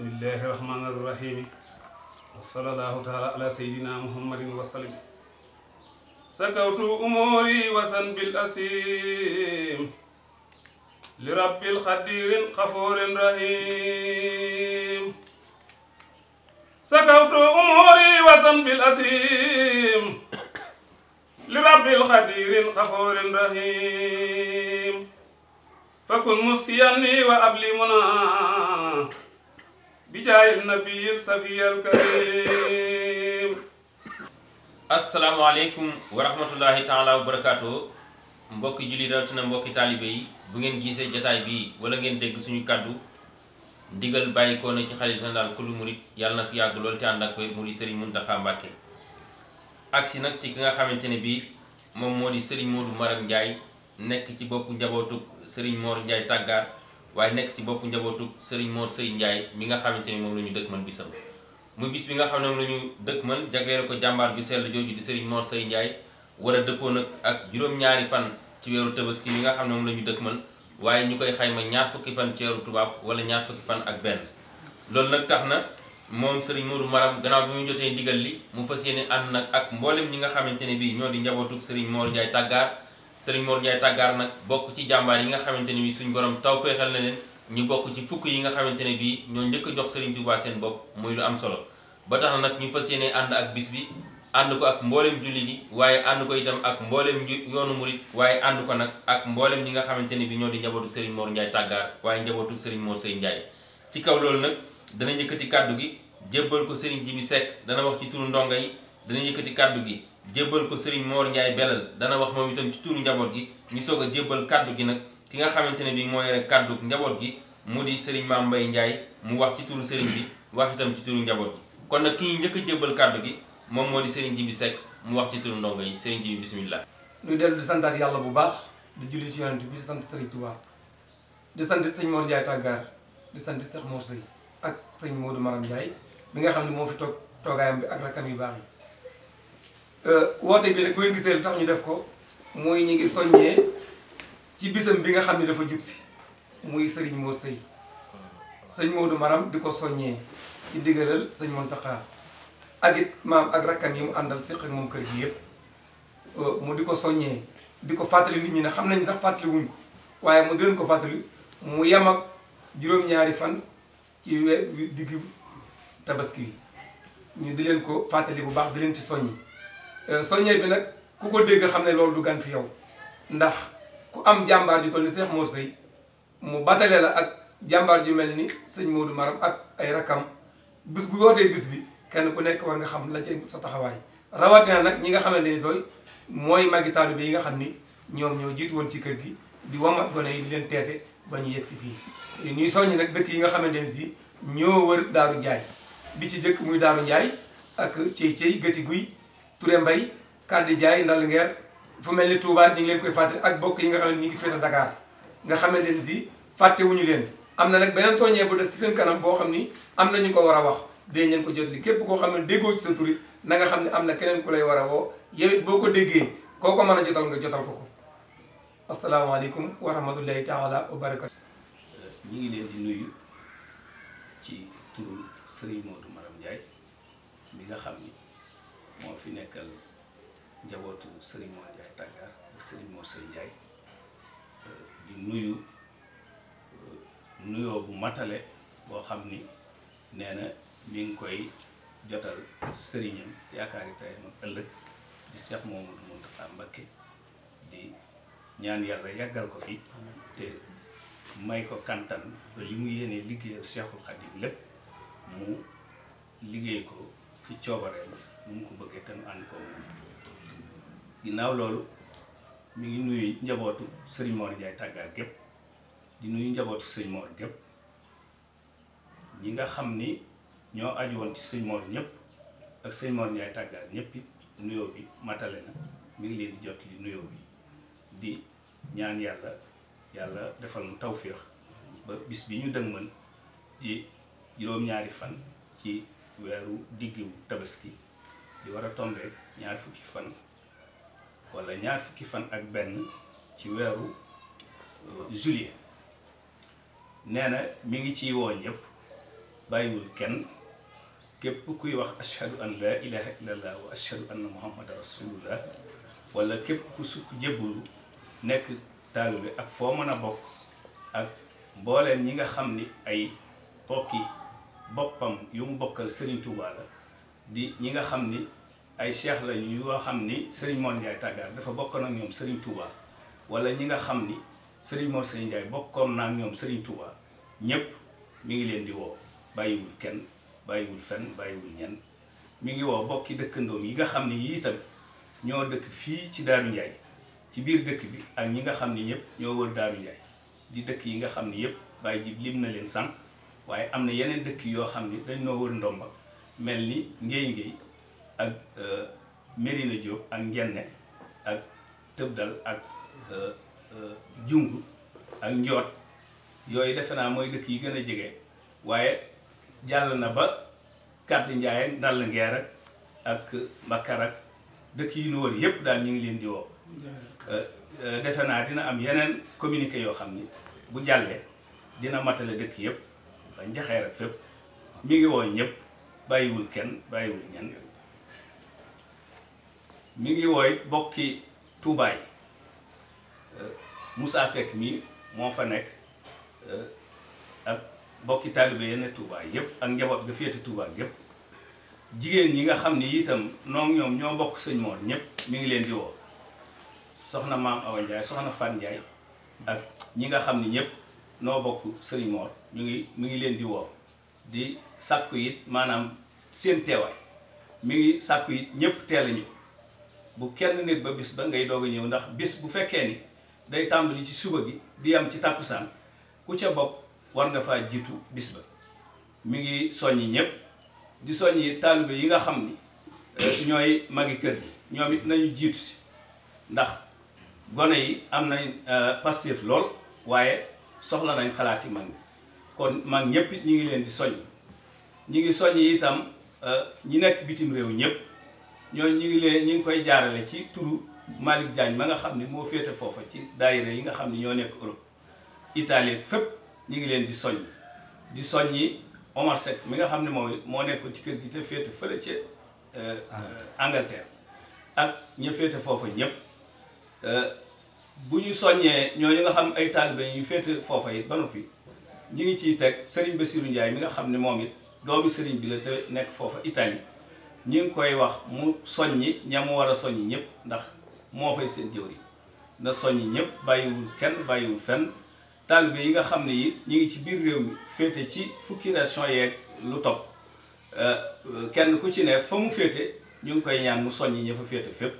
bismillahi rahmaani rahimi wa sallallahu taala ala sayyidina muhammadin wa sallim sakawtu umuri wasan bil asim li rabbil xadirin xafurin rahim sakawtu umuri wasan bil asim li rabbil xadirin xafurin rahim fakun muskiyanni wa abli munaa bijaahi nabi safiy alkarim asalaamaaleykum wa rahmatullahi taala wa barakaatu mbokki julli rawatina mbokki taalibe yi bu ngeen gisee jataay bi wala ngeen dégg suñu kàddu ndigal bàyyikoo na ci xalifa général kullu murit yàlla na fi yàgg loolu te ànd ak koy mu di sëriñ Muntaxa Mbàkke agsi nag ci ki nga xamante ne bii moom moo di sëriñ Moodu Maram Njaay nekk ci boppu njabootu sëriñ Moor Njaay tàggaar waaye nekk ci bopp njabootu Serigne Mor Seye Ndiaye mi nga xamante ni moom la ñu dëkk man bisam mu bis bi nga xam ne moom la ñu dëkk man jagleel ko jàmbaar ju sell jooju di Serigne Mor Seye Ndiaye war a ak juróom-ñaari fan ci weeru tabaski mi nga xam ne moom la ñu dëkk man waaye ñu koy xayma ñaar fukki fan ci weeru tubaab wala ñaar fukki fan ak benn loolu nag tax na moom Serigne Modou Maram gannaaw bi mu jotee ndigal li mu fas yéene ànd nag ak mboolem ñi nga xamante ne bii ñoo di njabootu Serigne Mor Ndiaye tàggaar Serigne moor Ndiaye tàggaar nag bokk ci jàmbaar yi nga xamante ne bi suñ borom taw féexal na leen ñu bokk ci fukk yi nga xamante ne bii ñoo njëkk jox Serigne Touba seen bopp muy lu am solo ba tax nag ñu fas yéene ànd ak bis bi ànd ko ak mboolem jullit yi waaye ànd ko itam ak mboolem yoonu murit waaye ànd ko nag ak mboolem ñi nga xamante ne bi ñoo di njabootu Serigne Mor Ndiaye tàggaar waaye njabootu Serigne Mor Seye Ndiaye ci kaw loolu nag dana yëkkati kàddu gi jébbal ko Serigne Jibi Seck dana wax ci turu ndongo yi dana yëkkati kàddu gi jébbal ko Serigne Mor Ndiaye belal dana wax moom itam ci turu njaboot gi ñu soog a jébbal kàddu gi nag ki nga xamante ne bii mooy rek kaddu njaboot gi mu di Serigne Mame Mbaye Ndiaye mu wax ci turu Serigne bi wax itam ci turu njaboot gi kon nag ki ñuy njëkk a jébbal gi moom moo di Serigne Djibi Seck mu wax ci turu ndongo yi Serigne Djibi bismillah ñuy dellu di santaat yàlla bu baax di julli ci yonent bi di sant Serigne Touba di sant sëñ Mor Ndiaye tàggaar di sant Cheikh Mor Seye ak sëñ Modou Maram Ndiaye mi nga xam ne moo fi bi ak rakam Euh, woote bi nag bu ngeen gisee lu tax ñu def ko mooy ñu ngi soññee ci bisam bi nga xam ni dafa jub si muy sëriñ moo sëy sëñ Maodo Maram di ko soññee ci diggalal sëñ Mountakha ak it maam ak rakkan yi mu àndal séq ak moom kër gi yëpp euh, mu di ko soññee di ko fàttali nit ñi ne xam nañ sax fàttali wuñ ko waaye mu di leen ko fàttali mu yem ak juróom-ñaari fan ci weer digg tabaski bi ñu di leen ko fàttali bu baax di leen ci soññi Euh, soññee bi nag ku ko dégg xam ne loolu du gan fi yow ndax ku am jàmbaar ju toll ni Cheikh Mor Seye mu batale la ak jàmbaar ju mel ni sëñ Modou Maram ak ay rakam bis bu wootee bis bi kenn ku nekk war nga xam la ci sa taxawaay rawatina nag ñi nga xamante ni sooy mooy magi taalibe yi nga xam ni ñoom ñoo jiitu woon ci kër gi di wamat gone yi di leen teete ba ñu yegg si fii ñuy soññ nag dëkk yi nga xamante ni si ñoo wër Daaru Njaay bi ci jëkk muy Daaru Njaay ak cey cey gëti guy Touré Mbaye Kadi Diaye Ndal Nguer fu mel ni Touba ñu ngi leen koy fàttali ak bokk yi nga xam ne ñu ngi féete Dakar nga xamante ne si fàttewuñu leen am na nag beneen soññee bu def ci seen kanam boo xam ni am na ñu ko war a wax dinañ leen ko jot li képp koo xam ne déggoo ci sa turit nanga xam ne am na keneen ku lay war a woo yow it boo ko déggee koo ko mën a jotal nga jotal ko ko asalaamaaleykum wa rahmatullahi taala wa barakatu ñu ngi leen di nuyu ci turu Serigne Modou Maram Ndiaye mi nga xam ni moo fi nekkal njabootu Serigne Mor Ndiaye Tàggaar ak Serigne Mor Sey Ndiaye euh, di nuyu euh, nuyoo bu matale boo xam ni nee na mi ngi koy jotal sëriñam yaakaari tey moom ëllëg di Seex Mamadu Muntaxa Mbakke di ñaan yàlla yàggal ko fi te may ko kantan li mu yéene liggéeyal Seexul Xadim lépp mu liggéey ko ci coobareem mu mu ko bëggee te nu ànd ko moom ginnaaw loolu mi ngi nuyu njabootu sëriñ Mor Ndiaye tàggaat gépp di nuyu njabootu sëriñ Mor gépp ñi nga xam ni ñoo aju ci sëriñ Mor ñëpp ak sëriñ Mor Ndiaye tàggaat ñëpp nuyoo bi matale mi ngi leen jot nuyoo bi ñaan yàlla yàlla defal mu tawféex ba bis bi ñu dëgmal di juróom-ñaari fan ci weeru diggu tabaski di war a tombe ñaar fukki fan wala ñaar fukki fan ak benn ci weeru euh, juillet nee na mi ngi ciy woo ñëpp bàyyiwul kenn képp kuy wax ashhadu an la ilaha illallah wa ashhadu anna muhammada rasulullah wala képp ku sukk jébbulu nekk taalibe ak foo mën a bokk ak mbooleen ñi nga xam ni ay bokki boppam yu mu bokkal Serigne Touba la di ñi nga xam ni ay cheikh la ñu yoo xam ni sëriñ Mor Ndiaye tàggaar dafa bokkoon ak ñoom Serigne Touba wala ñi nga xam ni Serigne Mor Serigne bokkoon na ñoom Serigne ñëpp mi ngi leen di woo bàyyiwul kenn bàyyiwul fenn bàyyiwul ñenn mi ngi woo bokki dëkkandoom yi nga xam ni yii itam ñoo dëkk fii ci Daaru Ndiaye ci biir dëkk bi ak ñi nga xam ni ñëpp ñoo wër Daaru Ndiaye di dëkk yi nga xam ni yëpp bàyyi ji lim na leen sànq. waaye am na yeneen dëkk yoo xam ni dañ noo wër ndomba mel ni ngéy ngéy ak euh, Mérina Diop ak Njenne ak Tëbdal ak Jung euh, euh, ak Njoot yooyu defe naa mooy dëkk yi gën a jege waaye jàll na ba kàddu njaay ak ndàll ngeer ak ak Mbakar ak dëkk yi nu wër yépp daal ñu ngi leen di woo defe naa dina am yeneen communiqué yoo xam ni bu jàlle dina matale dëkk yépp ba njaxeer fépp mi ngi woo ñëpp bàyyiwul kenn bàyyiwul ñenn mi ngi wooy bokki tuubaay yi euh, Moussa Seck mii moo fa nekk euh, ak bokki taalibe yenn Touba yëpp ak njaboot ga féete Touba yépp jigéen ñi nga xam ni itam noonu ñoom ñoo bokk sëñ moon ñëpp mi ngi leen di woo soxna maam Awa Ndiaye soxna Fan Ndiaye ak ñi nga xam ni ñëpp noo bokk sëriñ Mor mu ngi mu ngi leen di woo di sàkku yit maanaam seen teewaay mi ngi sàkku it ñëpp teel a bu kenn nit ba bis ba ngay doog ñëw ndax bis bu fekkee ni day tàmbali ci suba bi di am ci tàkkusaan ku ca bokk war nga faa jiitu bis ba mu ngi soññi ñëpp di soññi taalibe yi nga xam ni eh, ñooy magi kër gi ñoom it nañu jiitu si ndax gone yi am na eh, passif lool waaye soxla nañ xalaati mag ñi kon mag ñëpp ñu ngi leen di soññ ñu ngi soññ itam euh, ñi nekk bitim réew ñëpp ñooñu ñu ngi leen ñu ngi koy jaarale ci turu Malick jaañ ma nga xam ne moo féete foofa ci daayira yi nga xam ne ñoo nekk Europe Italie fépp ñu ngi leen di soññ di soññi Omar Seck mi nga xam ne mooy moo nekkoon ci kër gi te féete fële ci euh, euh, Angleterre ak ña féete foofa ñëpp bu ñu soññee ñooñu nga xam ay taalibe yu féete foofa it ba noppi ñu ngi ci teg Serigne Bassirou Ndiaye mi nga xam ne moom it doomi Serigne bi la te nekk foofa Italie ñu ngi koy wax mu soññi ña mu war a soññi ñëpp ndax moo fay seen yi na soññi ñëpp bàyyiwul kenn bàyyiwul fenn taalibe yi nga xam ni it ñu ngi ci biir réew mi féete ci fukki nation yeeg lu topp euh, euh, kenn ku ci ne fa mu féete ñu ngi koy ñaan mu yi ña fa féete fépp.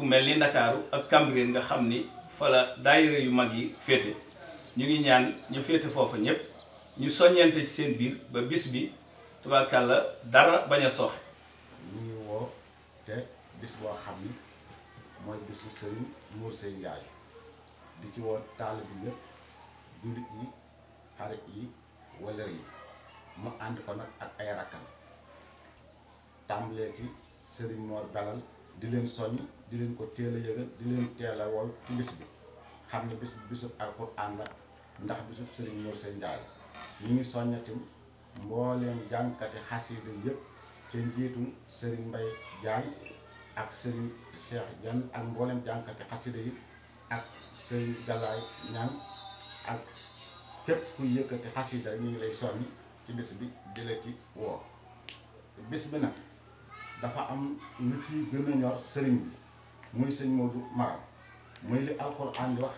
fu mel ni ndakaaru ak Cambérène nga xam ni fa la daayira yu mag yi féete ñu ngi ñaan ñu féete foofa ñëpp ñu soññante ci seen biir ba bis bi tubaarkàlla dara bañ a soxe ñu woo te bis boo xam ni mooy bisu sëriñ Mour Seye Ndiaye di ci woo taalibe bi ñëpp jullit yi xarit yi wala yi mu ànd ko nag ak ay rakkam tàmbalee ci sëriñ Mor Belal di leen soññ di leen ko teel a di leen teel a wol ci bis bi xam ne bis bi bisub alxuraan la ndax bisub sëriñ Mor Seye Ndiaye ñu ngi soññatim mbooleem jànkati xasida yëpp ca njiitum sëriñ Mbay Diagne ak sëriñ Cheikh ak mbooleem jànkati yi ak sëriñ Galaay Ñang ak képp kuy yëkkati xasida ñu ngi lay soññ ci bis bi di la ci woo bis bi nag dafa am ñu ci gën a ñor sëriñ bi muy sëñ Modou Maram muy li alxuraan di wax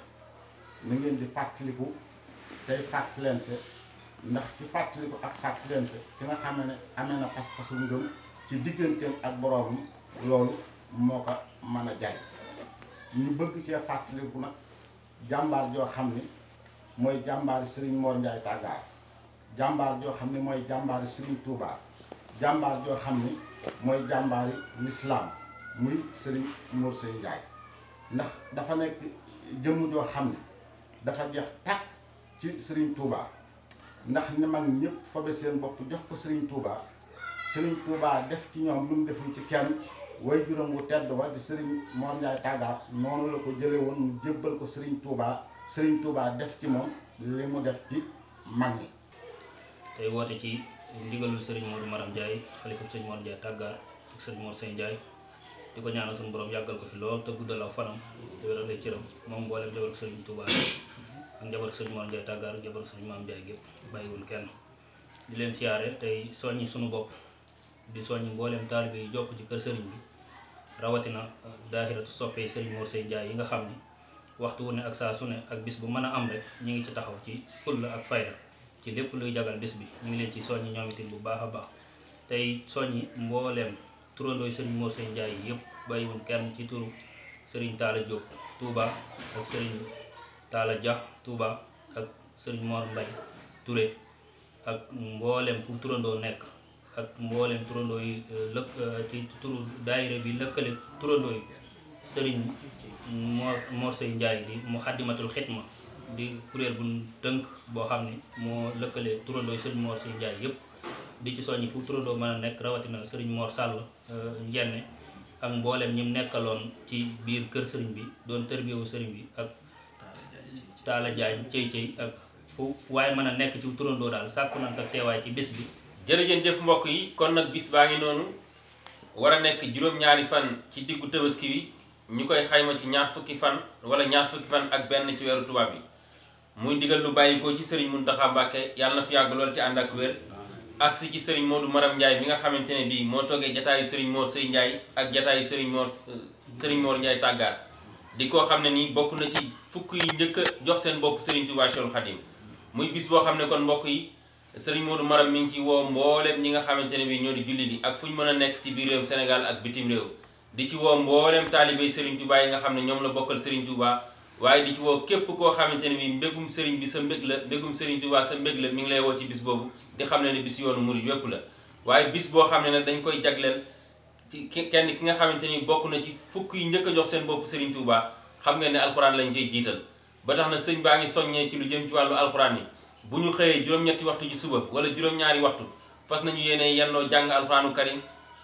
na ngeen di fàttaliku tey fàttalente ndax ci fàttaliku ak fàttalente ki nga xam ne amee na pas-pasu ngëm ci digganteem ak boroomam loolu moo ko mën a jariñ ñu bëgg cee fàttaliku nag jàmbaar joo xam ni mooy jàmbaari sëriñ Mor Njaay Tàggaar jàmbaar joo xam ni mooy jàmbaari sëriñ Touba jàmbaar joo xam ni mooy jàmbaari lislaam muy sëriñ Mor Seye ndax dafa nekk jëmm joo xam ne dafa jeex tàkk ci sëriñ Touba ndax ne mag ñëpp fobe seen bopp jox ko sëriñ Touba sëriñ Touba def ci ñoom lu mu deful ci kenn way juróom wu tedd ba di sëriñ Mor Ndiaye tàggaat noonu la ko jële woon mu jébbal ko sëriñ Touba sëriñ Touba def ci moom li mu def ci mag ñi tey woote ci ndigalul sëriñ Modou Maram Ndiaye xalifam sëriñ Mor Ndiaye tàggaar ak sëriñ Mor Sène Ndiaye di ko ñaanal suñu borom yàggal ko fi lool te guddal aw fanam te wéral ay cëram moom mboolem njaboot sëriñ Touba ak njaboot sëriñ Mor Ndiaye tàggaar ak njaboot sëriñ Maam Ndiaye gépp bàyyiwul kenn di leen siyaare tey soññi suñu bopp di soññi mbooleem taalibe yi ci kër sëriñ bi rawatina uh, daahiratu soppee sëriñ Mor Sène Ndiaye yi nga xam ni waxtu wu ne ak saa su ne ak bis bu mën a am rek ñu ngi ci taxaw ci fulla ak fayda ci lépp luy jagal bés bi ñu ngi leen ci soññi ñoom itam bu baax a baax tey soññi mbooleem turandooy sëriñ Mor Seye Ndiaye yëpp bàyyiwuñ kenn ci turu sëriñ Talla Diop tuuba ak sëriñ Talla Dia Touba ak sëriñ Mor Mbaye Touré ak mboolem fu turandoo nekk ak mboolem turandoo yi euh, lëkk euh, ci turu daayira bi lëkkale turandoo yi sëriñ Mor Mor Seye Ndiaye di Muxaddamatul Xidma di kuréel bu tënk boo xam ni moo lëkkalee turandoo Serigne Mor Si Njaay yëpp di ci soññi fu turandoo mën a nekk rawatina Serigne Mor Sàll euh, njenne ak mbooleem ñi mu nekkaloon ci biir kër sëriñ bi doon tërbiyewu sëriñ bi ak Taala Jaañ cey cey ak fu waaye mën a nekk ci turandoo daal sàkku nañ sa teewaay ci bis bi jërëjëf jëf mbokk yi kon nag bis baa ngi noonu war a nekk juróom-ñaari fan ci diggu tabaski wi ñu koy xayma ci ñaar fukki fan wala ñaar fukki fan ak benn ci weeru tubaab bi muy digal lu bàyyi ko ci sëriñ Muntaxa Mbàkke yàlla na fi yàgg lool ci ànd ak wér agsi ci sëriñ Modou Maram Ndiaye bi nga xamante ne bii moo toogee jataayu sëriñ Mor Sëy Ndiaye ak jataayu sëriñ Mor euh, sëriñ Mor Ndiaye tàggaat di koo xam ne nii bokk na ci fukk yi njëkk jox seen bopp sëriñ Tuubaa Seexul Xadim muy bis xam ne kon mbokk yi sëriñ Modou Maram mi ngi ci woo mbooleem ñi nga xamante ne bii ñoo di julli di ak fu ñu mën a nekk ci biir réew Sénégal ak bitim réew di ci woo mbooleem taalibey sëriñ Tuubaa yi nga xam ne ñoom la bokkal sëriñ Tuubaa waaye di ci woo képp koo xamante ne bi mbégum sëriñ bi sa mbëg la mbégum sëriñ Tuubaa sa mbëg la mu ngi lay woo ci bis boobu di xam ne ne bis yoonu murid yépp la waaye bis boo xam ne nag dañ koy jagleel ci kenn ki nga xamante ni bokk na ci fukk yi njëkk jox seen bopp sëriñ Tuubaa xam ngeen ne alxuraan lañ cay jiital ba tax na sëñ baa ngi soññee ci lu jëm ci wàllu alxuraan yi bu ñu xëyee juróom-ñetti waxtu ci suba wala juróom-ñaari waxtu fas nañu yéene yennoo jàng alxuraanu karim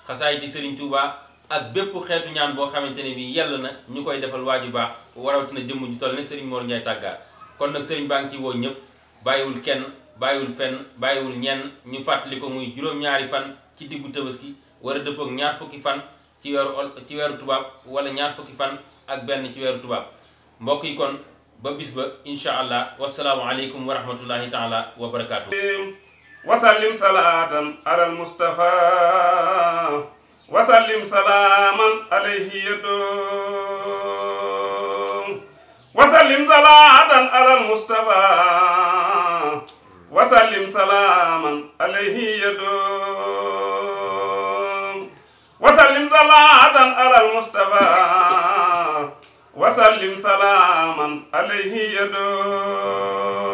xasaay ci sëriñ Tuubaa ak bépp xeetu ñaan boo xamante ne bi yàlla na ñu koy defal waa ju baax warawatina jëmm ju toll ne sëriñ Mor Ndiaye tàggaar kon nag sëriñ baa ngi ciy woo ñëpp bàyyiwul kenn bàyyiwul fenn bàyyiwul ñenn ñu fàttali ko muy juróom-ñaari fan ci diggu tabaski war a dëppook ñaar fukki fan ci weeru ci weeru tubaab wala ñaar fukki fan ak benn ci weeru tubaab mbokk yi kon ba bis ba insha allah wasalaamu aleykum wa rahmatullahi taala wa barakaatu wasallim salaatan alal mustafa وسلم سلاما عليه يدوم وسلم صلاة على المصطفى وسلم سلاما عليه يدوم وسلم صلاة على المصطفى وسلم سلاما عليه يدوم